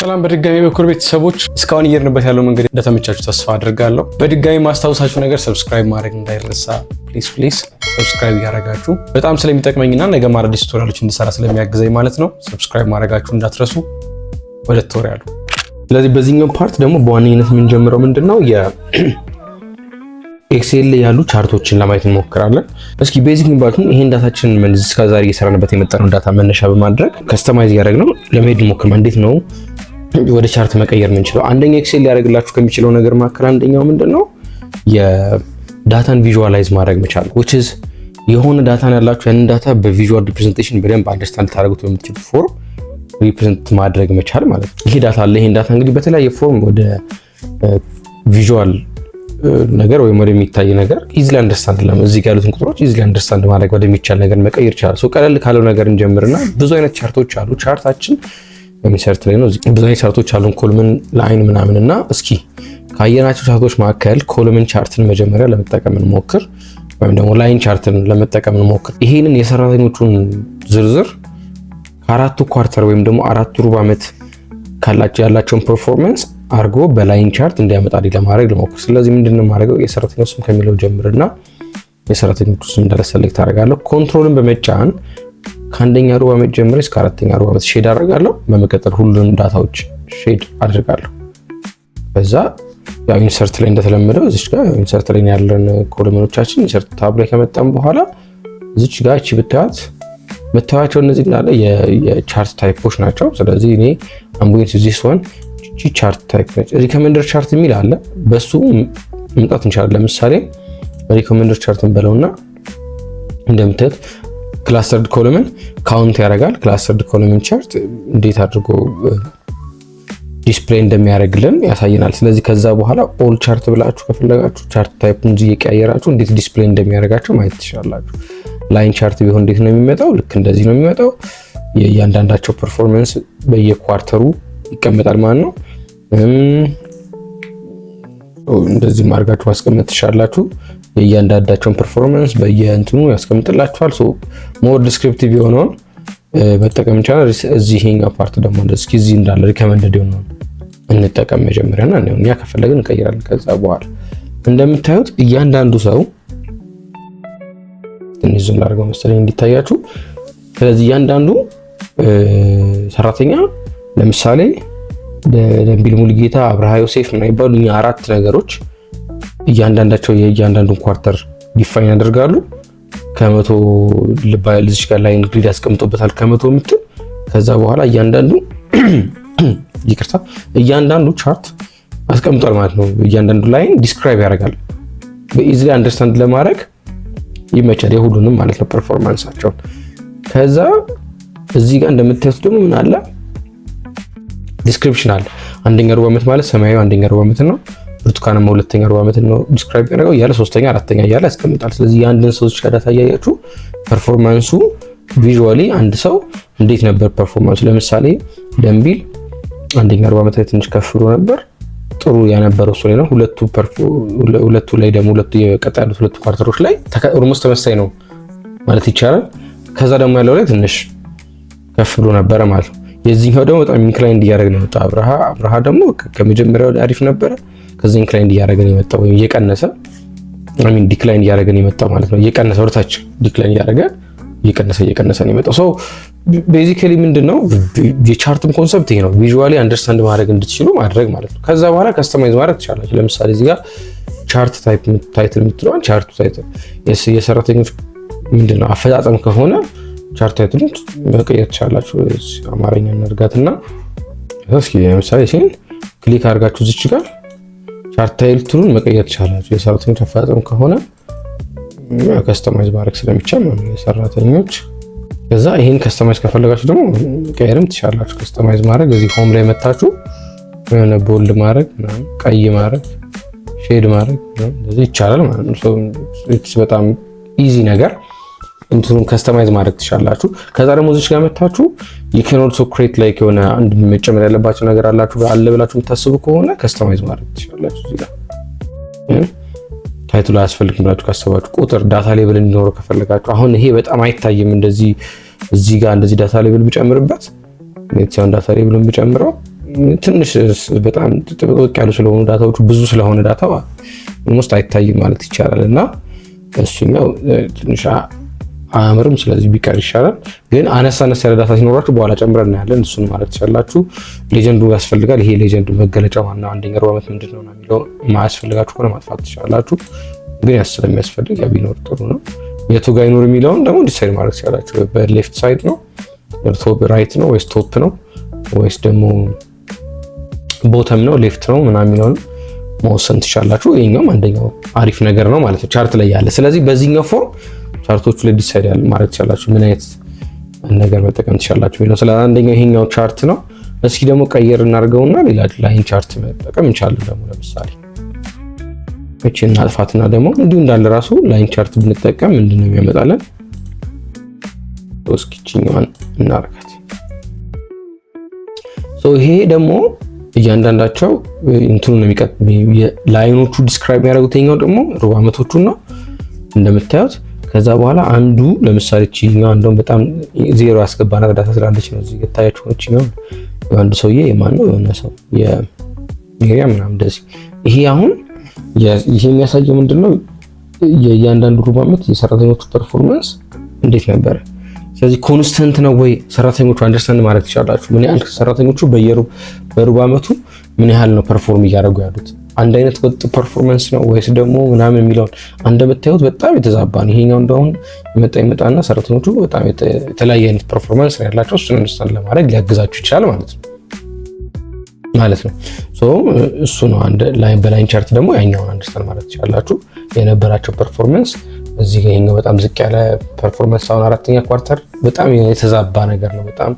ሰላም በድጋሚ በኩር ቤተሰቦች፣ እስካሁን እየርንበት ያለው መንገድ እንደተመቻችሁ ተስፋ አድርጋለሁ። በድጋሚ ማስታወሳችሁ ነገር ሰብስክራይብ ማድረግ እንዳይረሳ፣ ፕሊስ ፕሊስ ሰብስክራይብ እያደረጋችሁ በጣም ስለሚጠቅመኝና ነገ ማረዲስ ቱቶሪያሎች እንድሰራ ስለሚያግዘኝ ማለት ነው። ሰብስክራይብ ማድረጋችሁ እንዳትረሱ። ወደ ቱቶሪያሉ። ስለዚህ በዚህኛው ፓርት ደግሞ በዋነኝነት የምንጀምረው ምንድን ነው ኤክሴል ላይ ያሉ ቻርቶችን ለማየት እንሞክራለን። እስኪ ቤዚክ የሚባሉትን ይሄን ዳታችን እስከዛሬ እየሰራንበት የመጣነው ዳታ መነሻ በማድረግ ከስተማይዝ እያደረግ ነው ለመሄድ እንሞክርማ እንዴት ነው ወደ ቻርት መቀየር የምንችለው አንደኛ ኤክሴል ሊያደርግላችሁ ከሚችለው ነገር መካከል አንደኛው ምንድን ነው የዳታን ቪዥዋላይዝ ማድረግ መቻል which is የሆነ ዳታን ያላችሁ ያንን ዳታ በቪዥዋል ሪፕሬዘንቴሽን በደንብ አንደርስታንድ ታደርጉት በምትችል ፎርም ሪፕሬዘንት ማድረግ መቻል ማለት ነው። ይሄ ዳታ አለ። ይሄን ዳታ እንግዲህ በተለያየ ፎርም ወደ ቪዥዋል ነገር ወይም የሚታይ ነገር ኢዝሊ አንደርስታንድ ለምን እዚህ ጋር ያሉትን ቁጥሮች ኢዝሊ አንደርስታንድ ማድረግ ወደሚቻል ነገር መቀየር ይችላል። ቀለል ካለው ነገር እንጀምርና ብዙ አይነት ቻርቶች አሉ። ቻርታችን ኢንሰርት ላይ ነው። ብዙ አይነት ቻርቶች አሉን፣ ኮልምን ለአይን ምናምን እና እስኪ ካየናቸው ቻርቶች መካከል ኮልምን ቻርትን መጀመሪያ ለመጠቀም እንሞክር፣ ወይም ደግሞ ላይን ቻርትን ለመጠቀም እንሞክር። ይሄንን የሰራተኞቹን ዝርዝር አራቱ ኳርተር ወይም ደግሞ አራቱ ሩብ ዓመት ካላቸው ያላቸውን ፐርፎርመንስ አርጎ በላይን ቻርት እንዲያመጣልኝ ለማድረግ ልሞክር። ስለዚህ ምንድነው የማደርገው የሰራተኛው ስም ከሚለው ጀምርና የሰራተኞቹ ስም እንዳለ ሰሌክት ኮንትሮልን በመጫን ከአንደኛ ሩብ ዓመት ጀምሬ እስከ አራተኛ ሩብ ዓመት ሼድ አደርጋለሁ። በመቀጠል ሁሉንም ዳታዎች ሼድ አድርጋለሁ። በዛ ያው ኢንሰርት ላይ እንደተለመደው እዚች ጋር ኢንሰርት ላይ ያለን ኮሎመኖቻችን ኢንሰርት ታብ ላይ ከመጣን በኋላ እዚች ጋር እቺ ብታያት የምታያቸው እነዚህ እንዳለ የቻርት ታይፖች ናቸው። ስለዚህ እኔ አምጎት እዚህ ሲሆን እቺ ቻርት ታይፕ ነች። ሪኮመንደር ቻርት የሚል አለ። በሱ መምጣት እንችላለን። ለምሳሌ ሪኮመንደር ቻርትን በለውና እንደምታዩት ክላስተርድ ኮለምን ካውንት ያደርጋል። ክላስተርድ ኮለምን ቻርት እንዴት አድርጎ ዲስፕሌይ uh, እንደሚያደርግልን ያሳየናል። ስለዚህ ከዛ በኋላ ኦል ቻርት ብላችሁ ከፈለጋችሁ ቻርት ታይፑን እየቀያየራችሁ እንዴት ዲስፕሌይ እንደሚያደርጋቸው ማየት ትችላላችሁ። ላይን ቻርት ቢሆን እንዴት ነው የሚመጣው? ልክ እንደዚህ ነው የሚመጣው። የእያንዳንዳቸው ፐርፎርመንስ በየኳርተሩ ይቀመጣል ማለት ነው። um, እንደዚህ አድርጋችሁ ማስቀመጥ ትችላላችሁ። የእያንዳንዳቸውን ፐርፎርማንስ በየእንትኑ ያስቀምጥላችኋል። ሞር ዲስክሪፕቲቭ የሆነውን መጠቀም ይቻላል። እዚህ ይሄኛው ፓርት ደግሞ እንደዚህ እዚህ እንዳለ ሪከመንደድ የሆነውን እንጠቀም መጀመሪያና እኛ ከፈለግን እንቀይራለን። ከዛ በኋላ እንደምታዩት እያንዳንዱ ሰው ትንሽ ዝም ላድርገው መሰለኝ እንዲታያችሁ። ስለዚህ እያንዳንዱ ሰራተኛ ለምሳሌ ደንቢል ሙልጌታ፣ አብርሃ ዮሴፍ እና ይባሉ እኛ አራት ነገሮች እያንዳንዳቸው የእያንዳንዱን ኳርተር ዲፋይን ያደርጋሉ። ከመቶ ልባልዝሽ ጋር ላይን ግሪድ ያስቀምጦበታል ከመቶ የምትል ከዛ በኋላ እያንዳንዱ ይቅርታ እያንዳንዱ ቻርት አስቀምጧል ማለት ነው። እያንዳንዱ ላይን ዲስክራይብ ያደርጋል በኢዝሊ አንደርስታንድ ለማድረግ ይመቻል። የሁሉንም ማለት ነው ፐርፎርማንሳቸውን። ከዛ እዚህ ጋር እንደምታዩት ደግሞ ምን አለ ዲስክሪፕሽን አለ። አንደኛ ሩብ ዓመት ማለት ሰማያዊ አንደኛ ሩብ ዓመት ነው። ብርቱካንማ ሁለተኛ ሩብ ዓመት ነው ዲስክራይብ ያደረገው እያለ ሶስተኛ አራተኛ እያለ ያስቀምጣል። ስለዚህ የአንድን ሰው ብቻ ዳታ እያያችሁ ፐርፎርማንሱ ቪዥዋሊ አንድ ሰው እንዴት ነበር ፐርፎርማንሱ። ለምሳሌ ደንቢል አንደኛ ሩብ ዓመት ላይ ትንሽ ከፍ ብሎ ነበር። ጥሩ ያነበረው እሱ ላይ ነው። ሁለቱ ላይ ደግሞ ሁለቱ የቀጣ ያሉት ሁለቱ ኳርተሮች ላይ ኦልሞስት ተመሳሳይ ነው ማለት ይቻላል። ከዛ ደግሞ ያለው ላይ ትንሽ ከፍ ብሎ ነበረ ማለት ነው። የዚህኛው ደግሞ በጣም ኢንክላይንድ እያደረግን ነው። አብርሃ ደግሞ ከመጀመሪያው አሪፍ ነበረ። ከዚህ ኢንክላይን እያደረገን የመጣው ወይም እየቀነሰ ሚን ዲክላይን እያደረገን የመጣው ማለት ነው። እየቀነሰ ወደታች ዲክላይን እያደረገ እየቀነሰ እየቀነሰ ነው የመጣው። ሶ ቤዚካሊ ምንድን ነው የቻርትም ኮንሰፕት ይሄ ነው። ቪዥዋሊ አንደርስታንድ ማድረግ እንድትችሉ ማድረግ ማለት ነው። ከዛ በኋላ ከስተማይዝ ማድረግ ትችላላችሁ። ለምሳሌ እዚህ ጋር ቻርት ታይፕ ታይትል የምትለዋል። ቻርቱ ታይትል የሰራተኞች ምንድን ነው አፈጻጸም ከሆነ ቻርት ታይትል መቀየር ትችላላችሁ። አማርኛ እናድርጋትና እስኪ ለምሳሌ ሲን ክሊክ አድርጋችሁ ዝች ጋር ታርታይል ቱሉን መቀየር ትችላላችሁ። የሰራተኞች አፈጣጠም ከሆነ ከስተማይዝ ማድረግ ስለሚቻል የሰራተኞች ከዛ ይህን ከስተማይዝ ከፈለጋችሁ ደግሞ ቀየርም ትችላላችሁ። ከስተማይዝ ማድረግ እዚህ ሆም ላይ መታችሁ የሆነ ቦልድ ማድረግ፣ ቀይ ማድረግ፣ ሼድ ማድረግ እንደዚህ ይቻላል ማለት ነው። በጣም ኢዚ ነገር እንትኑን ከስተማይዝ ማድረግ ትችላላችሁ። ከዛ ደግሞ እዚች ጋር መታችሁ የካን ኦልሶ ክሬት ላይክ የሆነ አንድ መጨመር ያለባቸው ነገር አላችሁ አለ ብላችሁ የምታስቡ ከሆነ ከስተማይዝ ማድረግ ትችላላችሁ። እዚህ ጋር ታይትሉ አያስፈልግም ብላችሁ ካሰባችሁ ቁጥር ዳታ ሌብል እንዲኖረው ከፈለጋችሁ አሁን ይሄ በጣም አይታይም። እንደዚህ እዚህ ጋር እንደዚህ ዳታ ሌብል ብጨምርበት ኔትሳን ዳታ ሌብልን ብጨምረው ትንሽ በጣም ጥብቅ ያሉ ስለሆኑ ዳታዎቹ ብዙ ስለሆነ ዳታ ኦልሞስት አይታይም ማለት ይቻላል እና እሱኛው ትንሽ አያምርም። ስለዚህ ቢቀር ይሻላል። ግን አነስ አነስ ያለ ዳታ ሲኖራችሁ በኋላ ጨምረን እናያለን። እሱን ማለት ትችላላችሁ። ሌጀንዱ ያስፈልጋል። ይሄ ሌጀንድ መገለጫ ዋና አንደኛ ሩብ ዓመት ምንድን ነው የሚለው ማያስፈልጋችሁ ከሆነ ማጥፋት ትችላላችሁ። ግን ያስ ስለሚያስፈልግ ያ ቢኖር ጥሩ ነው። የቱ ጋ ይኖር የሚለውን ደግሞ ዲሳይድ ማድረግ ትችላላችሁ። በሌፍት ሳይድ ነው ቶፕ ራይት ነው ወይስ ቶፕ ነው ወይስ ደግሞ ቦተም ነው ሌፍት ነው ምናምን የሚለውን መወሰን ትችላላችሁ። ይሄኛውም አንደኛው አሪፍ ነገር ነው ማለት ነው ቻርት ላይ ያለ ስለዚህ በዚህኛው ፎርም ቻርቶቹ ላይ ዲሳይድ ማድረግ ትችላላችሁ፣ ምን አይነት ነገር መጠቀም ትችላላችሁ ነው። ስለ አንደኛው ይሄኛው ቻርት ነው። እስኪ ደግሞ ቀየር እናድርገውና ሌላ ላይን ቻርት መጠቀም እንችላለን። ደግሞ ለምሳሌ እቺ እናጥፋትና ደግሞ እንዲሁ እንዳለ ራሱ ላይን ቻርት ብንጠቀም ምንድን ነው የሚያመጣለን? እስኪ እቺኛዋን እናርጋት። ይሄ ደግሞ እያንዳንዳቸው እንትኑ ነው የሚቀጥ ላይኖቹ ዲስክራይብ የሚያደርጉት። ይሄኛው ደግሞ ሩብ ዓመቶቹን ነው እንደምታዩት ከዛ በኋላ አንዱ ለምሳሌ ችኛው እንደውም በጣም ዜሮ ያስገባና ዳታ ስላለች ነው እዚህ የታያችሁ ነው አንዱ ሰውዬ የማን ነው የሆነ ሰው የሜሪያ ምናምን እንደዚህ ይሄ አሁን ይሄ የሚያሳየው ምንድን ነው የእያንዳንዱ ሩብ ዓመት የሰራተኞቹ ፐርፎርማንስ እንዴት ነበረ። ስለዚህ ኮንስተንት ነው ወይ ሰራተኞቹ አንደርስታንድ ማለት ይችላላችሁ። ምን ያህል ሰራተኞቹ በየሩብ ዓመቱ ምን ያህል ነው ፐርፎርም እያደረጉ ያሉት አንድ አይነት ወጥ ፐርፎርማንስ ነው ወይስ ደግሞ ምናምን የሚለውን እንደምታዩት በጣም የተዛባ ነው። ይሄኛው እንደሁን ይመጣ ይመጣና ሰራተኞቹ በጣም የተለያየ አይነት ፐርፎርማንስ ነው ያላቸው። እሱን አንደርስታንድ ለማድረግ ሊያግዛችሁ ይችላል ማለት ነው ማለት ነው። እሱ ነው አንድ ላይን በላይን ቻርት ደግሞ ያኛውን አንደርስታንድ ማለት ትችላላችሁ። የነበራቸው ፐርፎርማንስ እዚህ ጋር ይሄኛው በጣም ዝቅ ያለ ፐርፎርማንስ አሁን አራተኛ ኳርተር በጣም የተዛባ ነገር ነው። በጣም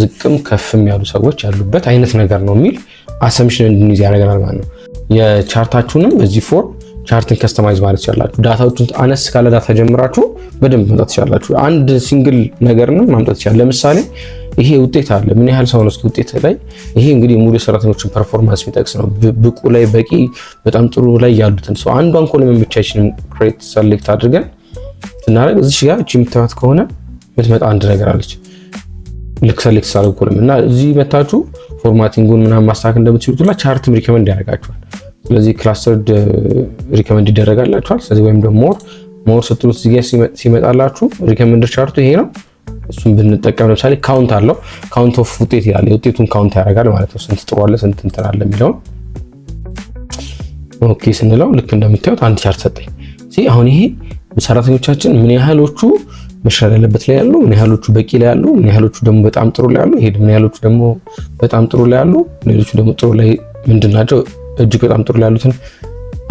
ዝቅም ከፍም ያሉ ሰዎች ያሉበት አይነት ነገር ነው የሚል አሰምሽን እንድንይዝ ያደርገናል ማለት ነው። የቻርታችሁንም በዚህ ፎርም ቻርትን ከስተማይዝ ማለት ትችላላችሁ። ዳታዎቹን አነስ ካለ ዳታ ጀምራችሁ በደንብ መምጣት ትችላላችሁ። አንድ ሲንግል ነገርንም ማምጣት ይችላል። ለምሳሌ ይሄ ውጤት አለ ምን ያህል ሰው ነው እስኪ ውጤት ላይ ይሄ እንግዲህ ሙሉ የሰራተኞችን ፐርፎርማንስ የሚጠቅስ ነው። ብቁ ላይ በቂ በጣም ጥሩ ላይ ያሉትን ሰው አንዷን ኮለም ብቻችንም ክሬት ሰሌክት አድርገን ስናደርግ እዚሽ ጋር እቺ የምትመት ከሆነ የምትመጣ አንድ ነገር አለች ልክ ሰሌክት ሳደርግ ኮለም እና እዚህ መታችሁ ፎርማቲንጉን ምናምን ማስተካከል እንደምትችሉት ሁላ ቻርትም ሪከመንድ ያደርጋችኋል። ስለዚህ ክላስተርድ ሪከመንድ uh, ይደረጋላችኋል። ስለዚህ ወይም ደግሞ ሞር ሞር ስትሉት እዚህ ሲመጣላችሁ ሪከመንድ ቻርቱ ይሄ ነው። እሱም ብንጠቀም ለምሳሌ ካውንት አለው ካውንት ኦፍ ውጤት ይላል። የውጤቱን ካውንት ያደርጋል ማለት ነው። ስንት ጥሩ አለ፣ ስንት እንትን አለ የሚለውን ኦኬ ስንለው ልክ እንደምታዩት አንድ ቻርት ሰጠኝ። አሁን ይሄ ሰራተኞቻችን ምን ያህሎቹ መሻል ያለበት ላይ ያሉ፣ ምን ያህሎቹ በቂ ላይ ያሉ፣ ምን ያህሎቹ ደግሞ በጣም ጥሩ ላይ ያሉ፣ ይሄ ምን ያህሎቹ ደግሞ በጣም ጥሩ ላይ ያሉ፣ ሌሎቹ ደግሞ ጥሩ ላይ ምንድን ናቸው እጅግ በጣም ጥሩ ያሉትን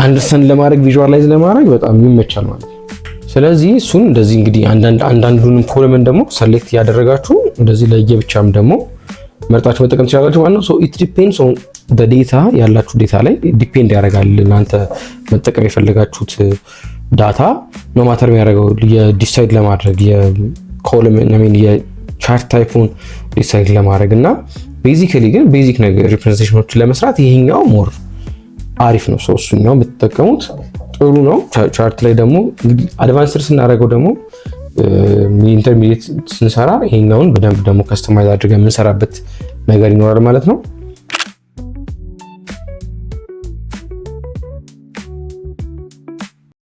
አንደርሰን ለማድረግ ቪዥዋላይዝ ለማድረግ በጣም ይመቻል ማለት ነው። ስለዚህ እሱን እንደዚህ እንግዲህ አንዳንዱንም ኮለመን ደግሞ ሰሌክት ያደረጋችሁ እንደዚህ ለየብቻም ደግሞ መርጣችሁ መጠቀም ትችላላችሁ ማለት ነው። ሶ ኢት ዲፔንድስ ኦን ዘ ዴታ ያላችሁ ዴታ ላይ ዲፔንድ ያደርጋል። እናንተ መጠቀም የፈለጋችሁት ዳታ ነው ማተር የሚያደርገው የዲሳይድ ለማድረግ የኮለም ሚን የቻርት ታይፑን ዲሳይድ ለማድረግ እና ቤዚካሊ ግን ቤዚክ ነገር ሪፕሬዘንቴሽኖችን ለመስራት ይሄኛው ሞር አሪፍ ነው። ሰው እሱን ነው የምትጠቀሙት፣ ጥሩ ነው። ቻርት ላይ ደግሞ እንግዲህ አድቫንስድ ስናደርገው ደግሞ ኢንተርሚዲየት ስንሰራ ይሄኛውን በደንብ ደግሞ ከስተማይዝ አድርገን የምንሰራበት ነገር ይኖራል ማለት ነው።